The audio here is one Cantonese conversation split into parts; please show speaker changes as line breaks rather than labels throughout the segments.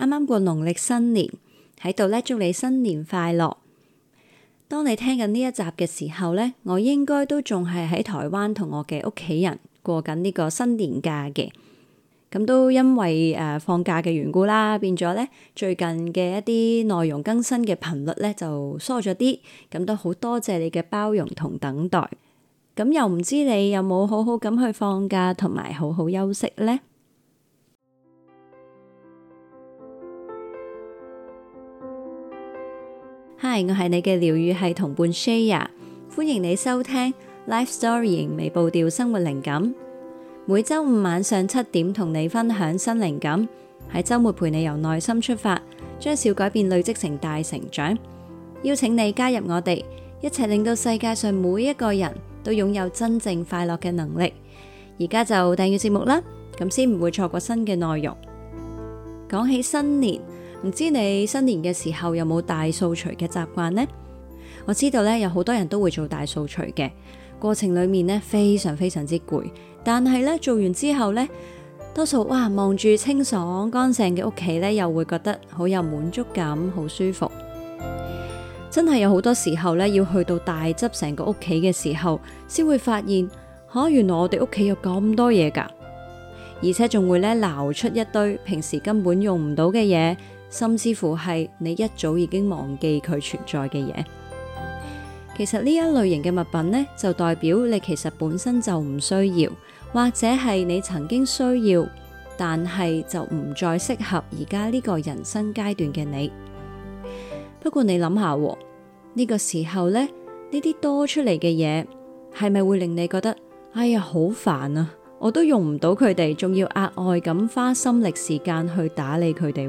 啱啱過農曆新年，喺度咧祝你新年快樂。當你聽緊呢一集嘅時候咧，我應該都仲係喺台灣同我嘅屋企人過緊呢個新年假嘅。咁都因為誒、呃、放假嘅緣故啦，變咗咧最近嘅一啲內容更新嘅頻率咧就疏咗啲。咁都好多謝謝你嘅包容同等待。咁又唔知你有冇好好咁去放假同埋好好休息咧？嗨，我係你嘅療癒系同伴 Shaya，歡迎你收聽 Life Story 微步調生活靈感，每周五晚上七點同你分享新靈感，喺周末陪你由內心出發，將小改變累積成大成長，邀請你加入我哋，一齊令到世界上每一個人都擁有真正快樂嘅能力。而家就訂閱節目啦，咁先唔會錯過新嘅內容。講起新年。唔知你新年嘅時候有冇大掃除嘅習慣呢？我知道咧，有好多人都會做大掃除嘅過程裏面呢，非常非常之攰。但係咧，做完之後呢，多數哇望住清爽乾淨嘅屋企咧，又會覺得好有滿足感，好舒服。真係有好多時候咧，要去到大執成個屋企嘅時候，先會發現吓，啊，原來我哋屋企有咁多嘢噶，而且仲會咧撈出一堆平時根本用唔到嘅嘢。甚至乎係你一早已經忘記佢存在嘅嘢。其實呢一類型嘅物品呢，就代表你其實本身就唔需要，或者係你曾經需要，但係就唔再適合而家呢個人生階段嘅你。不過你諗下呢個時候呢，呢啲多出嚟嘅嘢係咪會令你覺得哎呀好煩啊？我都用唔到佢哋，仲要額外咁花心力時間去打理佢哋。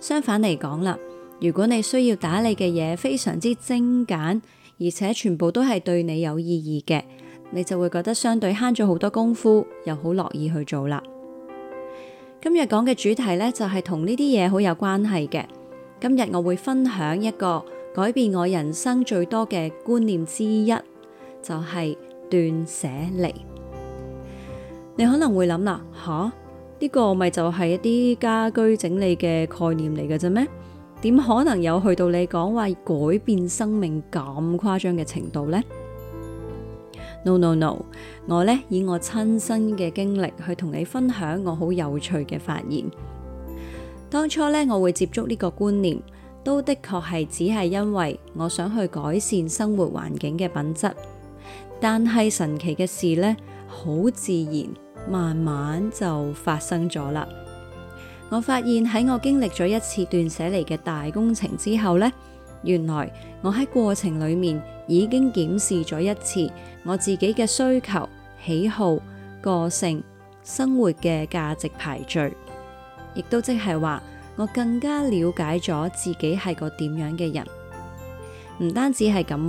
相反嚟講啦，如果你需要打理嘅嘢非常之精簡，而且全部都係對你有意義嘅，你就會覺得相對慳咗好多功夫，又好樂意去做啦。今日講嘅主題呢，就係同呢啲嘢好有關係嘅。今日我會分享一個改變我人生最多嘅觀念之一，就係斷捨離。你可能會諗啦，吓？呢個咪就係一啲家居整理嘅概念嚟嘅啫咩？點可能有去到你講話改變生命咁誇張嘅程度呢？No no no！我呢，以我親身嘅經歷去同你分享我好有趣嘅發現。當初呢，我會接觸呢個觀念，都的確係只係因為我想去改善生活環境嘅品質。但係神奇嘅事呢，好自然，慢慢就發生咗啦。我發現喺我經歷咗一次斷捨離嘅大工程之後呢，原來我喺過程裏面已經檢視咗一次我自己嘅需求、喜好、個性、生活嘅價值排序，亦都即係話我更加了解咗自己係個點樣嘅人。唔單止係咁，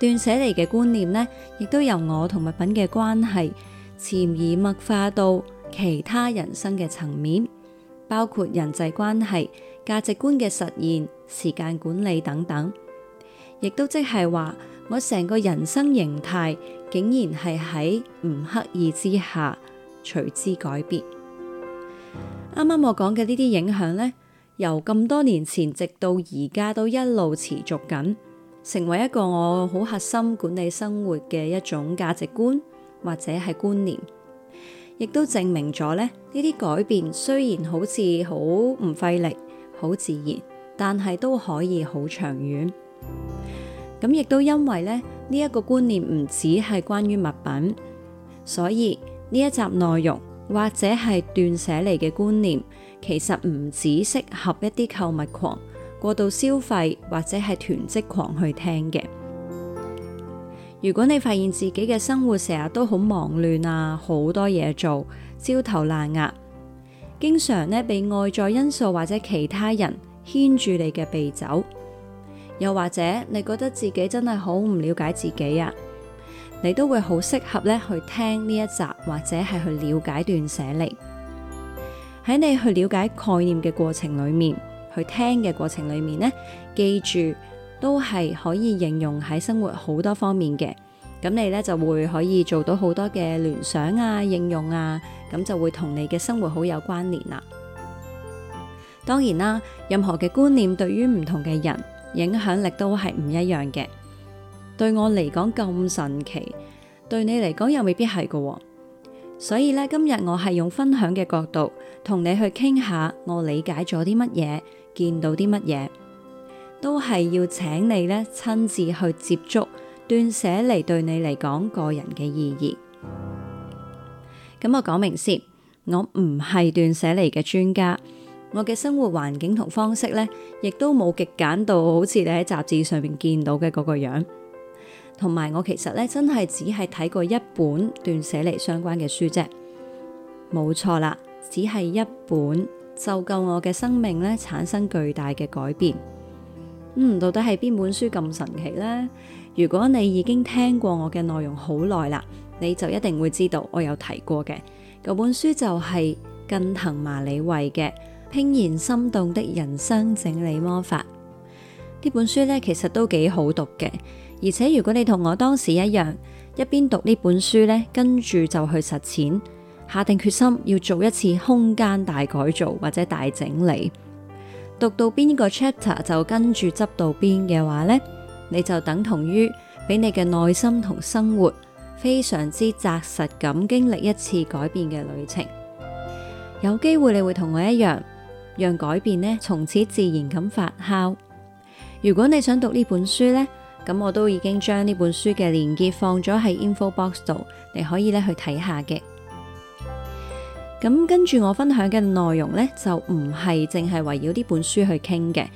斷捨離嘅觀念呢，亦都由我同物品嘅關係潛移默化到其他人生嘅層面，包括人際關係、價值觀嘅實現、時間管理等等，亦都即係話我成個人生形態竟然係喺唔刻意之下隨之改變。啱啱 我講嘅呢啲影響呢，由咁多年前直到而家都一路持續緊，成為一個我好核心管理生活嘅一種價值觀或者係觀念，亦都證明咗咧呢啲改變雖然好似好唔費力、好自然，但係都可以好長遠。咁亦都因為咧呢一個觀念唔只係關於物品，所以呢一集內容或者係斷捨離嘅觀念，其實唔只適合一啲購物狂、過度消費或者係囤積狂去聽嘅。如果你發現自己嘅生活成日都好忙亂啊，好多嘢做，焦頭爛額，經常呢被外在因素或者其他人牽住你嘅鼻走，又或者你覺得自己真係好唔了解自己啊，你都會好適合咧去聽呢一集或者係去了解斷捨離。喺你去了解概念嘅過程裏面，去聽嘅過程裏面呢，記住。都係可以應用喺生活好多方面嘅，咁你咧就會可以做到好多嘅聯想啊、應用啊，咁就會同你嘅生活好有關聯啦。當然啦，任何嘅觀念對於唔同嘅人，影響力都係唔一樣嘅。對我嚟講咁神奇，對你嚟講又未必係噶喎。所以咧，今日我係用分享嘅角度，同你去傾下我理解咗啲乜嘢，見到啲乜嘢。都係要請你咧親自去接觸斷捨離，對你嚟講個人嘅意義。咁我講明先，我唔係斷捨離嘅專家，我嘅生活環境同方式咧，亦都冇極簡到好似你喺雜誌上面見到嘅嗰個樣。同埋，我其實咧真係只係睇過一本斷捨離相關嘅書啫，冇錯啦，只係一本就夠我嘅生命咧產生巨大嘅改變。嗯，到底係邊本書咁神奇呢？如果你已經聽過我嘅內容好耐啦，你就一定會知道我有提過嘅嗰本書就係近藤麻理惠嘅《怦然心動的人生整理魔法》。呢本書呢，其實都幾好讀嘅，而且如果你同我當時一樣，一邊讀呢本書呢，跟住就去實踐，下定決心要做一次空間大改造或者大整理。讀到邊個 chapter 就跟住執到邊嘅話呢，你就等同於俾你嘅內心同生活非常之紮實咁經歷一次改變嘅旅程。有機會你會同我一樣，讓改變呢從此自然咁發酵。如果你想讀呢本書呢，咁我都已經將呢本書嘅連結放咗喺 info box 度，你可以咧去睇下嘅。咁跟住我分享嘅內容呢，就唔係淨係圍繞呢本書去傾嘅，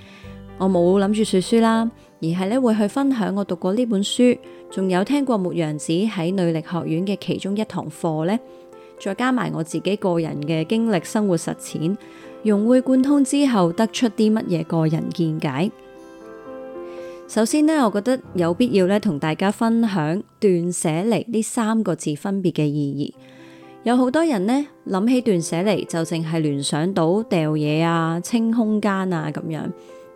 我冇諗住說書啦，而係咧會去分享我讀過呢本書，仲有聽過牧羊子喺女力學院嘅其中一堂課呢，再加埋我自己個人嘅經歷生活實踐，融會貫通之後得出啲乜嘢個人見解。首先呢，我覺得有必要咧同大家分享斷捨離呢三個字分別嘅意義。有好多人呢，諗起斷捨離就淨係聯想到掉嘢啊、清空間啊咁樣，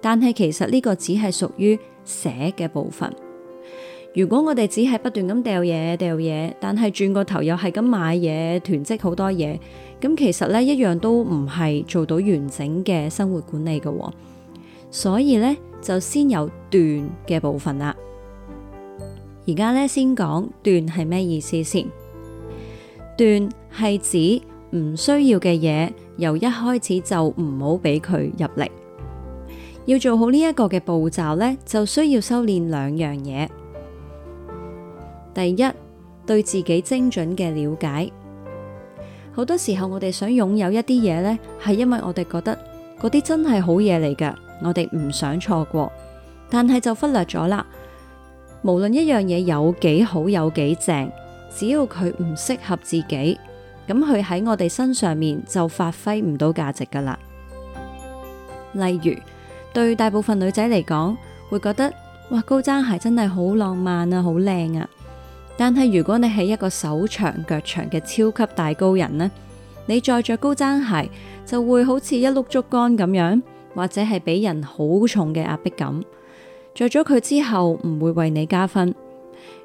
但係其實呢個只係屬於捨嘅部分。如果我哋只係不斷咁掉嘢、掉嘢，但係轉個頭又係咁買嘢、囤積好多嘢，咁其實呢一樣都唔係做到完整嘅生活管理嘅喎。所以呢，就先有斷嘅部分啦。而家呢，先講斷係咩意思先。斷係指唔需要嘅嘢，由一開始就唔好俾佢入嚟。要做好呢一個嘅步驟呢，就需要修煉兩樣嘢。第一，對自己精準嘅了解。好多時候我哋想擁有一啲嘢呢，係因為我哋覺得嗰啲真係好嘢嚟㗎，我哋唔想錯過，但係就忽略咗啦。無論一樣嘢有幾好，有幾正。只要佢唔適合自己，咁佢喺我哋身上面就發揮唔到價值噶啦。例如，對大部分女仔嚟講，會覺得哇，高踭鞋真係好浪漫啊，好靚啊。但係如果你係一個手長腳長嘅超級大高人咧，你再着高踭鞋就會好似一碌竹竿咁樣，或者係俾人好重嘅壓迫感。着咗佢之後唔會為你加分。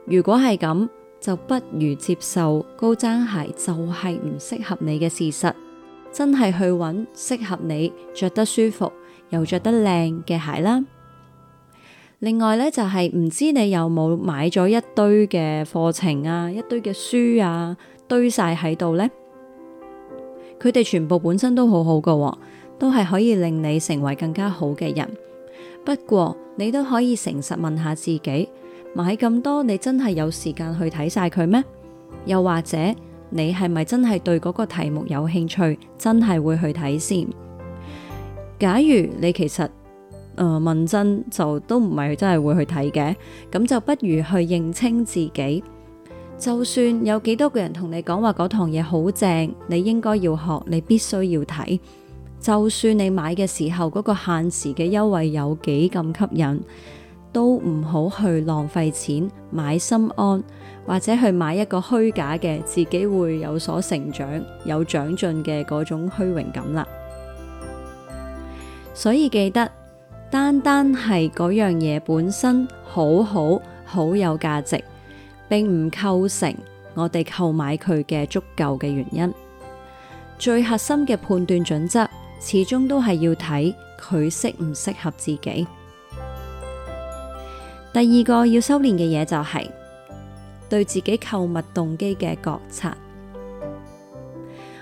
如果係咁。就不如接受高踭鞋就係唔適合你嘅事實，真係去揾適合你着得舒服又着得靚嘅鞋啦。另外呢，就係、是、唔知你有冇買咗一堆嘅課程啊，一堆嘅書啊，堆晒喺度呢？佢哋全部本身都好好㗎、哦，都係可以令你成為更加好嘅人。不過你都可以誠實問下自己。買咁多，你真係有時間去睇晒佢咩？又或者你係咪真係對嗰個題目有興趣？真係會去睇先。假如你其實誒、呃、問真就都唔係真係會去睇嘅，咁就不如去認清自己。就算有幾多個人同你講話嗰堂嘢好正，你應該要學，你必須要睇。就算你買嘅時候嗰個限時嘅優惠有幾咁吸引。都唔好去浪費錢買心安，或者去買一個虛假嘅自己會有所成長、有長進嘅嗰種虛榮感啦。所以記得，單單係嗰樣嘢本身好好，好有價值，並唔構成我哋購買佢嘅足夠嘅原因。最核心嘅判斷準則，始終都係要睇佢適唔適合自己。第二個要修煉嘅嘢，就係對自己購物動機嘅覺察。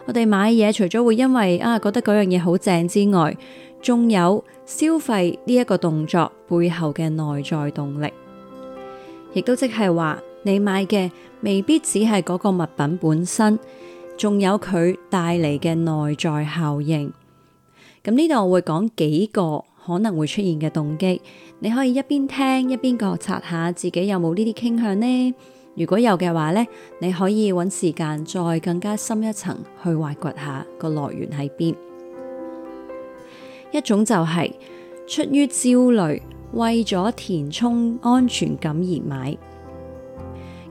我哋買嘢除咗會因為啊覺得嗰樣嘢好正之外，仲有消費呢一個動作背後嘅內在動力，亦都即係話你買嘅未必只係嗰個物品本身，仲有佢帶嚟嘅內在效應。咁呢度我會講幾個。可能會出現嘅動機，你可以一邊聽一邊覺察下自己有冇呢啲傾向呢。如果有嘅話呢，你可以揾時間再更加深一層去挖掘下個來源喺邊。一種就係、是、出於焦慮，為咗填充安全感而買。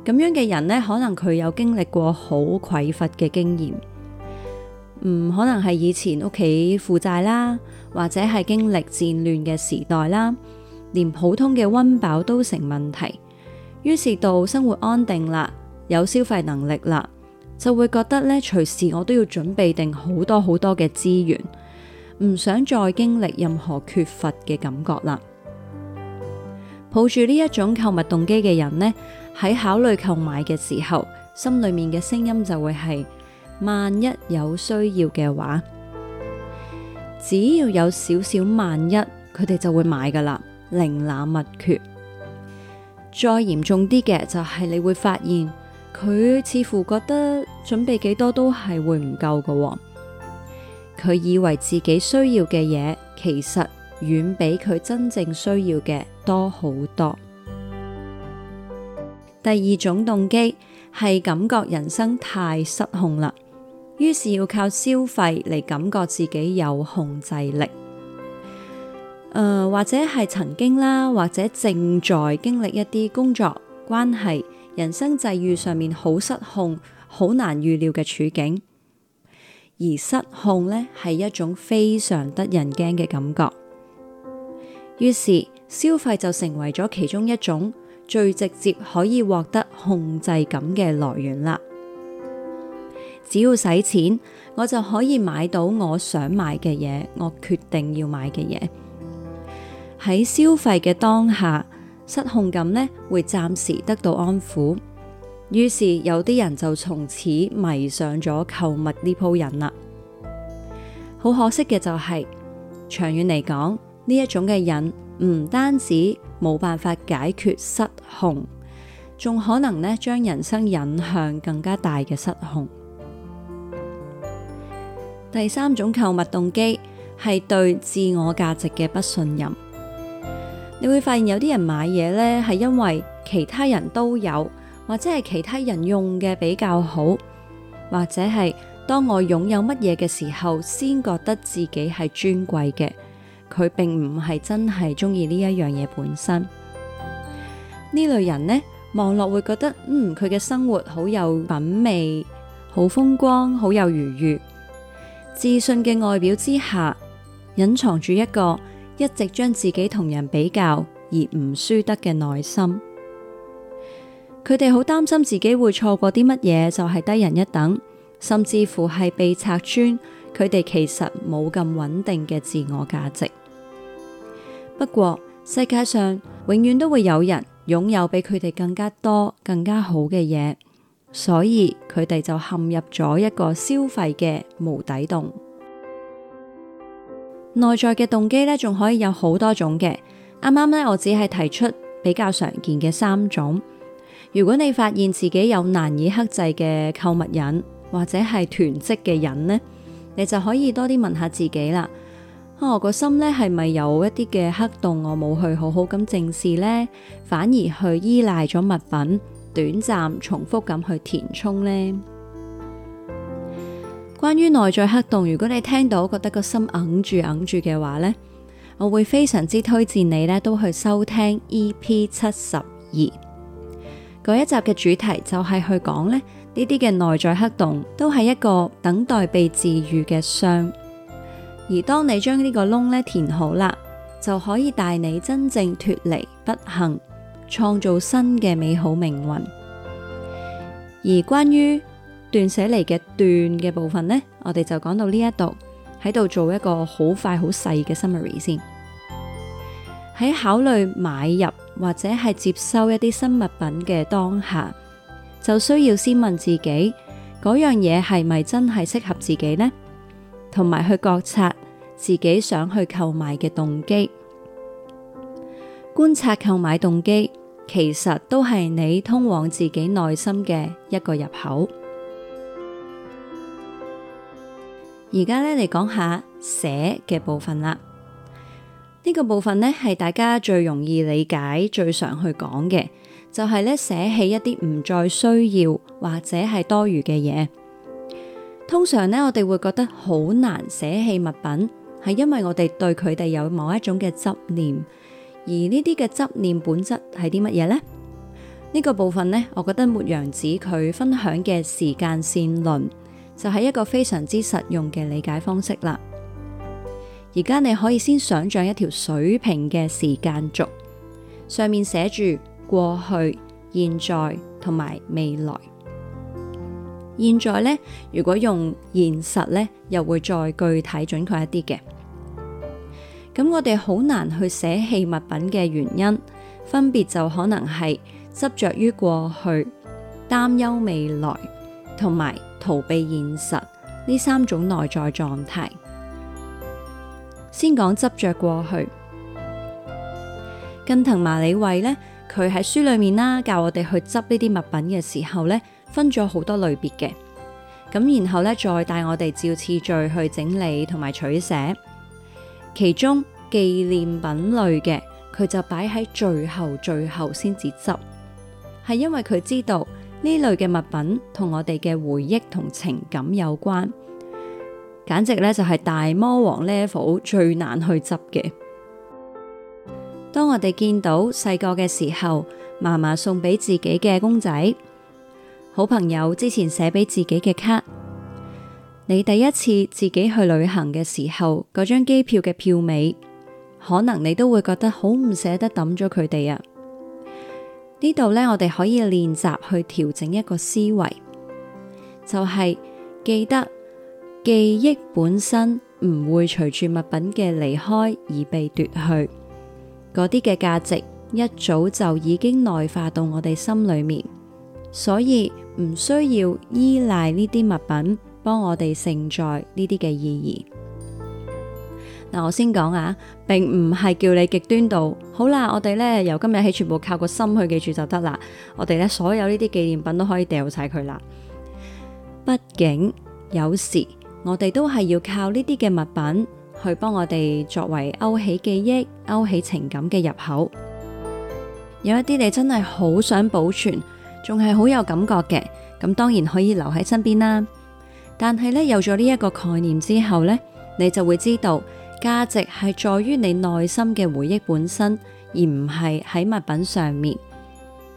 咁樣嘅人呢，可能佢有經歷過好匱乏嘅經驗，唔、嗯、可能係以前屋企負債啦。或者係經歷戰亂嘅時代啦，連普通嘅溫飽都成問題。於是到生活安定啦，有消費能力啦，就會覺得咧，隨時我都要準備定好多好多嘅資源，唔想再經歷任何缺乏嘅感覺啦。抱住呢一種購物動機嘅人呢，喺考慮購買嘅時候，心裏面嘅聲音就會係：萬一有需要嘅話。只要有少少萬一，佢哋就會買噶啦，寧濫勿缺。再嚴重啲嘅就係，你會發現佢似乎覺得準備幾多都係會唔夠噶喎。佢以為自己需要嘅嘢，其實遠比佢真正需要嘅多好多。第二種動機係感覺人生太失控啦。於是要靠消費嚟感覺自己有控制力，誒、呃、或者係曾經啦，或者正在經歷一啲工作關係、人生際遇上面好失控、好難預料嘅處境，而失控呢，係一種非常得人驚嘅感覺。於是消費就成為咗其中一種最直接可以獲得控制感嘅來源啦。只要使錢，我就可以買到我想買嘅嘢，我決定要買嘅嘢。喺消費嘅當下，失控感呢，會暫時得到安撫，於是有啲人就從此迷上咗購物呢鋪癮啦。好可惜嘅就係，長遠嚟講呢一種嘅癮唔單止冇辦法解決失控，仲可能呢將人生引向更加大嘅失控。第三種購物動機係對自我價值嘅不信任。你會發現有啲人買嘢咧，係因為其他人都有，或者係其他人用嘅比較好，或者係當我擁有乜嘢嘅時候，先覺得自己係尊貴嘅。佢並唔係真係中意呢一樣嘢本身。呢類人呢，望落會覺得嗯，佢嘅生活好有品味，好風光，好有愉悅。自信嘅外表之下，隱藏住一個一直將自己同人比較而唔輸得嘅內心。佢哋好擔心自己會錯過啲乜嘢，就係低人一等，甚至乎係被拆穿。佢哋其實冇咁穩定嘅自我價值。不過，世界上永遠都會有人擁有比佢哋更加多、更加好嘅嘢。所以佢哋就陷入咗一個消費嘅無底洞，內在嘅動機咧仲可以有好多種嘅。啱啱咧，我只係提出比較常見嘅三種。如果你發現自己有難以克制嘅購物癮，或者係囤積嘅癮呢，你就可以多啲問下自己啦，哦，我個心咧係咪有一啲嘅黑洞？我冇去好好咁正視呢，反而去依賴咗物品，短暫重複咁去填充呢，關於內在黑洞，如果你聽到覺得個心揞住揞住嘅話呢，我會非常之推薦你咧都去收聽 E.P. 七十二，嗰一集嘅主題就係去講咧呢啲嘅內在黑洞都係一個等待被治愈嘅傷，而當你將呢個窿咧填好啦，就可以帶你真正脱離不幸。創造新嘅美好命運。而關於斷捨離嘅斷嘅部分呢，我哋就講到呢一度喺度做一個好快好細嘅 summary 先。喺考慮買入或者係接收一啲新物品嘅當下，就需要先問自己嗰樣嘢係咪真係適合自己呢？同埋去覺察自己想去購買嘅動機。觀察購買動機，其實都係你通往自己內心嘅一個入口。而家咧嚟，講下捨嘅部分啦。呢個部分咧係大家最容易理解，最常去講嘅，就係咧捨棄一啲唔再需要或者係多餘嘅嘢。通常咧，我哋會覺得好難捨棄物品，係因為我哋對佢哋有某一種嘅執念。而呢啲嘅執念本質係啲乜嘢呢？呢、呢個部分呢，我覺得牧羊子佢分享嘅時間線論就係、是、一個非常之實用嘅理解方式啦。而家你可以先想象一條水平嘅時間軸，上面寫住過去、現在同埋未來。現在呢，如果用現實呢，又會再具體準確一啲嘅。咁我哋好難去捨棄物品嘅原因，分別就可能係執着於過去、擔憂未來同埋逃避現實呢三種內在狀態。先講執着過去，近藤麻理惠呢，佢喺書裏面啦教我哋去執呢啲物品嘅時候呢，分咗好多類別嘅。咁然後呢，再帶我哋照次序去整理同埋取捨。其中紀念品類嘅，佢就擺喺最後最後先至執，係因為佢知道呢類嘅物品同我哋嘅回憶同情感有關，簡直呢，就係大魔王 level 最難去執嘅。當我哋見到細個嘅時候，媽媽送俾自己嘅公仔，好朋友之前寫俾自己嘅卡。你第一次自己去旅行嘅時候，嗰張機票嘅票尾，可能你都會覺得好唔捨得抌咗佢哋啊。呢度咧，我哋可以練習去調整一個思維，就係記得記憶本身唔會隨住物品嘅離開而被奪去，嗰啲嘅價值一早就已經內化到我哋心裏面，所以唔需要依賴呢啲物品。幫我哋承載呢啲嘅意義。嗱，我先講啊，並唔係叫你極端到好啦。我哋咧由今日起，全部靠個心去記住就得啦。我哋咧所有呢啲紀念品都可以掉晒佢啦。畢竟有時我哋都係要靠呢啲嘅物品去幫我哋作為勾起記憶、勾起情感嘅入口。有一啲你真係好想保存，仲係好有感覺嘅，咁當然可以留喺身邊啦。但係咧，有咗呢一個概念之後呢，你就會知道價值係在於你內心嘅回憶本身，而唔係喺物品上面。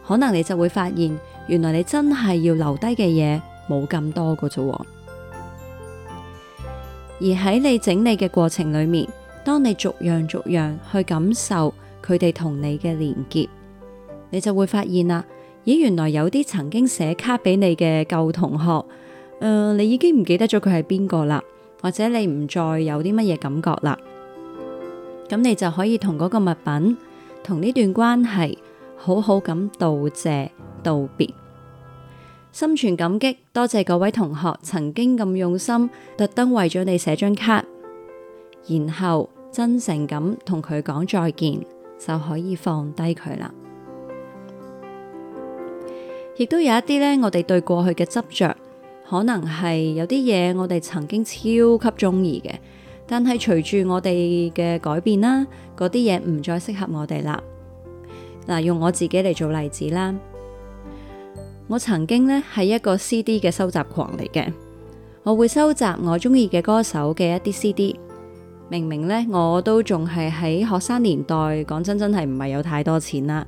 可能你就會發現，原來你真係要留低嘅嘢冇咁多噶啫。而喺你整理嘅過程裏面，當你逐樣逐樣去感受佢哋同你嘅連結，你就會發現啦，咦，原來有啲曾經寫卡俾你嘅舊同學。誒，uh, 你已經唔記得咗佢係邊個啦，或者你唔再有啲乜嘢感覺啦，咁你就可以同嗰個物品、同呢段關係好好咁道謝道別，心存感激，多謝各位同學曾經咁用心，特登為咗你寫張卡，然後真誠咁同佢講再見，就可以放低佢啦。亦都有一啲呢，我哋對過去嘅執着。可能係有啲嘢，我哋曾經超級中意嘅，但係隨住我哋嘅改變啦，嗰啲嘢唔再適合我哋啦。嗱，用我自己嚟做例子啦，我曾經呢係一個 CD 嘅收集狂嚟嘅，我會收集我中意嘅歌手嘅一啲 CD。明明呢，我都仲係喺學生年代，講真真係唔係有太多錢啦。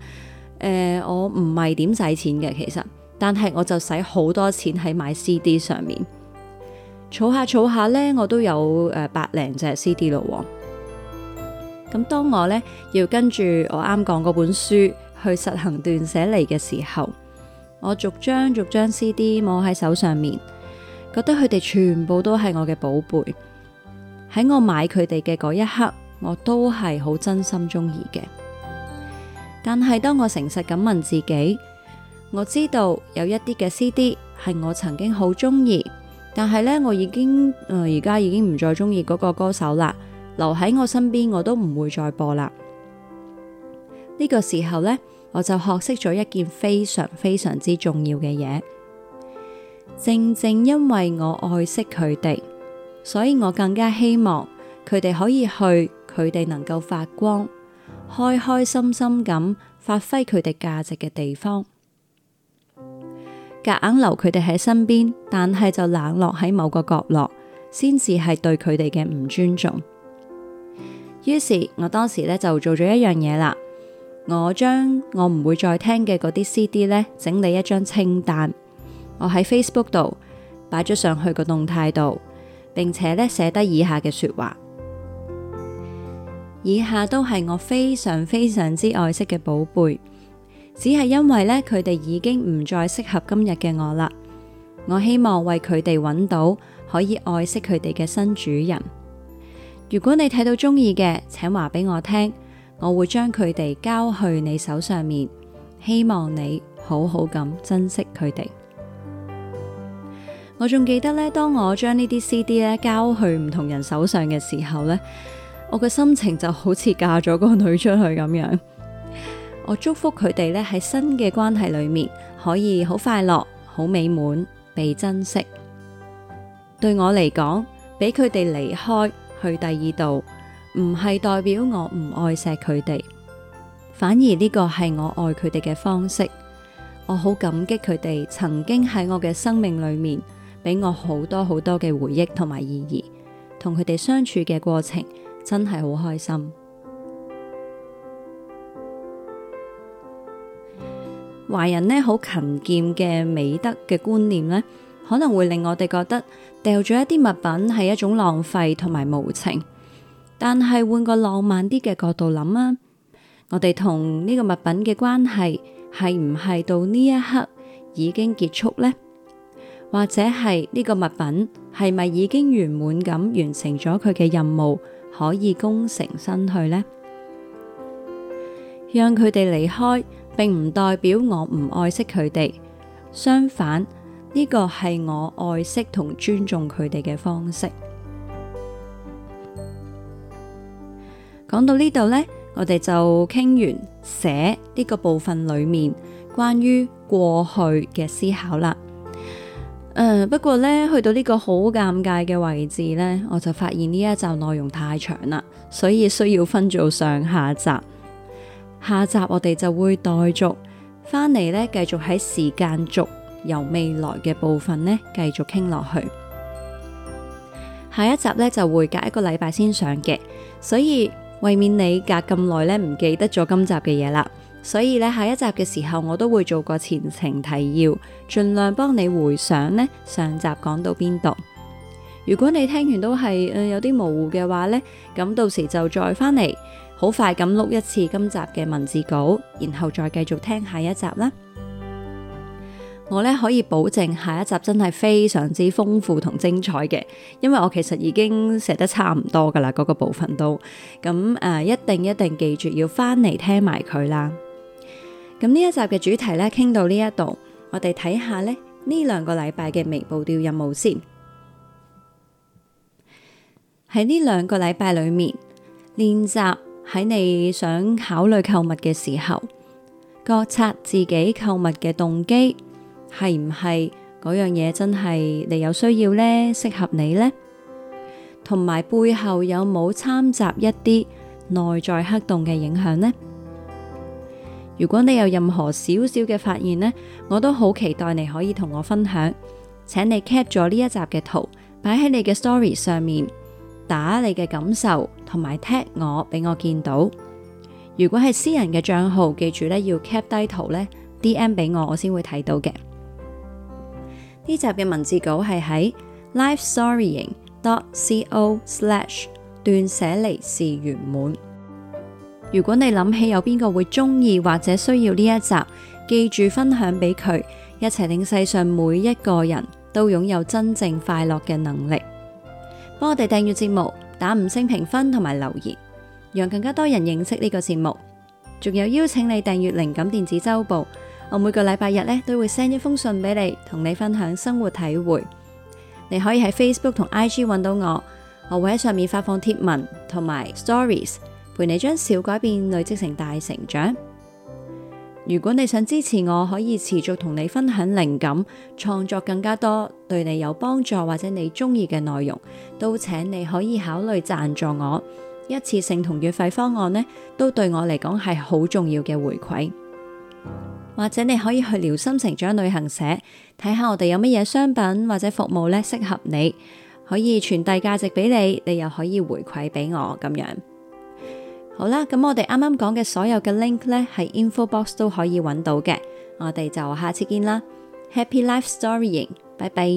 誒、呃，我唔係點使錢嘅其實。但係我就使好多錢喺買 CD 上面，儲下儲下咧，我都有誒百零隻 CD 咯。咁當我咧要跟住我啱講嗰本書去實行斷捨離嘅時候，我逐張逐張 CD 摸喺手上面，覺得佢哋全部都係我嘅寶貝。喺我買佢哋嘅嗰一刻，我都係好真心中意嘅。但係當我誠實咁問自己。我知道有一啲嘅 CD 係我曾經好鍾意，但係咧，我已經呃、而家已經唔再鍾意嗰個歌手啦。留喺我身邊，我都唔會再播啦。呢，這個時候咧，我就學識咗一件非常非常之重要嘅嘢。正正因為我愛惜佢哋，所以我更加希望佢哋可以去佢哋能夠發光、開開心心咁發揮佢哋價值嘅地方。夾硬留佢哋喺身邊，但係就冷落喺某個角落，先至係對佢哋嘅唔尊重。於是，我當時咧就做咗一樣嘢啦，我將我唔會再聽嘅嗰啲 CD 咧整理一張清單，我喺 Facebook 度擺咗上去個動態度，並且咧寫得以下嘅說話。以下都係我非常非常之愛惜嘅寶貝。只係因為咧，佢哋已經唔再適合今日嘅我啦。我希望為佢哋搵到可以愛惜佢哋嘅新主人。如果你睇到中意嘅，請話俾我聽，我會將佢哋交去你手上面。希望你好好咁珍惜佢哋。我仲記得咧，當我將呢啲 CD 咧交去唔同人手上嘅時候咧，我嘅心情就好似嫁咗個女出去咁樣。我祝福佢哋咧喺新嘅關係裏面可以好快樂、好美滿、被珍惜。對我嚟講，俾佢哋離開去第二度，唔係代表我唔愛錫佢哋，反而呢個係我愛佢哋嘅方式。我好感激佢哋曾經喺我嘅生命裏面，俾我好多好多嘅回憶同埋意義。同佢哋相處嘅過程真係好開心。華人呢，好勤儉嘅美德嘅觀念呢，可能會令我哋覺得掉咗一啲物品係一種浪費同埋無情。但係換個浪漫啲嘅角度諗啊，我哋同呢個物品嘅關係係唔係到呢一刻已經結束呢？或者係呢個物品係咪已經圓滿咁完成咗佢嘅任務，可以功成身退呢？讓佢哋離開，並唔代表我唔愛惜佢哋，相反，呢個係我愛惜同尊重佢哋嘅方式。講到呢度，呢我哋就傾完寫呢個部分裏面關於過去嘅思考啦。誒、呃,不過呢去到呢個好尷尬嘅位置呢，我就發現呢一集內容太長啦，所以需要分做上下集。下集我哋就會待續翻嚟咧，繼續喺時間軸由未來嘅部分咧繼續傾落去。下一集咧就會隔一個禮拜先上嘅，所以為免你隔咁耐咧唔記得咗今集嘅嘢啦，所以咧下一集嘅時候我都會做個前情提要，盡量幫你回想呢上集講到邊度。如果你聽完都係誒、呃、有啲模糊嘅話咧，咁到時就再翻嚟。好快咁碌一次今集嘅文字稿，然後再繼續聽下一集啦。我咧可以保證下一集真係非常之豐富同精彩嘅，因為我其實已經寫得差唔多噶啦，嗰、那個部分都咁誒、啊，一定一定記住要翻嚟聽埋佢啦。咁呢一集嘅主題咧，傾到呢一度，我哋睇下呢，呢兩個禮拜嘅微步調任務先。喺呢兩個禮拜裏面練習。喺你想考慮購物嘅時候，覺察自己購物嘅動機係唔係嗰樣嘢真係你有需要呢？適合你呢？同埋背後有冇參雜一啲內在黑洞嘅影響呢？如果你有任何小小嘅發現呢，我都好期待你可以同我分享，請你 cap 咗呢一集嘅圖擺喺你嘅 story 上面。打你嘅感受同埋 tag 我俾我見到。如果係私人嘅賬號，記住咧要 cap 低圖咧，DM 俾我，我先會睇到嘅。呢集嘅文字稿係喺 lifestorying.co/ 斷捨離是圓滿。如果你諗起有邊個會中意或者需要呢一集，記住分享俾佢，一齊令世上每一個人都擁有真正快樂嘅能力。幫我哋訂閱節目，打五星評分同埋留言，讓更加多人認識呢個節目。仲有邀請你訂閱靈感電子週報，我每個禮拜日咧都會 send 一封信俾你，同你分享生活體會。你可以喺 Facebook 同 IG 搵到我，我會喺上面發放貼文同埋 Stories，陪你將小改變累積成大成長。如果你想支持我，可以持續同你分享靈感，創作更加多對你有幫助或者你中意嘅內容，都請你可以考慮贊助我。一次性同月費方案呢，都對我嚟講係好重要嘅回饋。或者你可以去療心成長旅行社睇下我哋有乜嘢商品或者服務呢，適合你，可以傳遞價值俾你，你又可以回饋俾我咁樣。好啦咁我哋啱啱講嘅所有嘅 link 呢係 info box 都可以揾到嘅我哋就下次見啦 Happy Life Storying 拜拜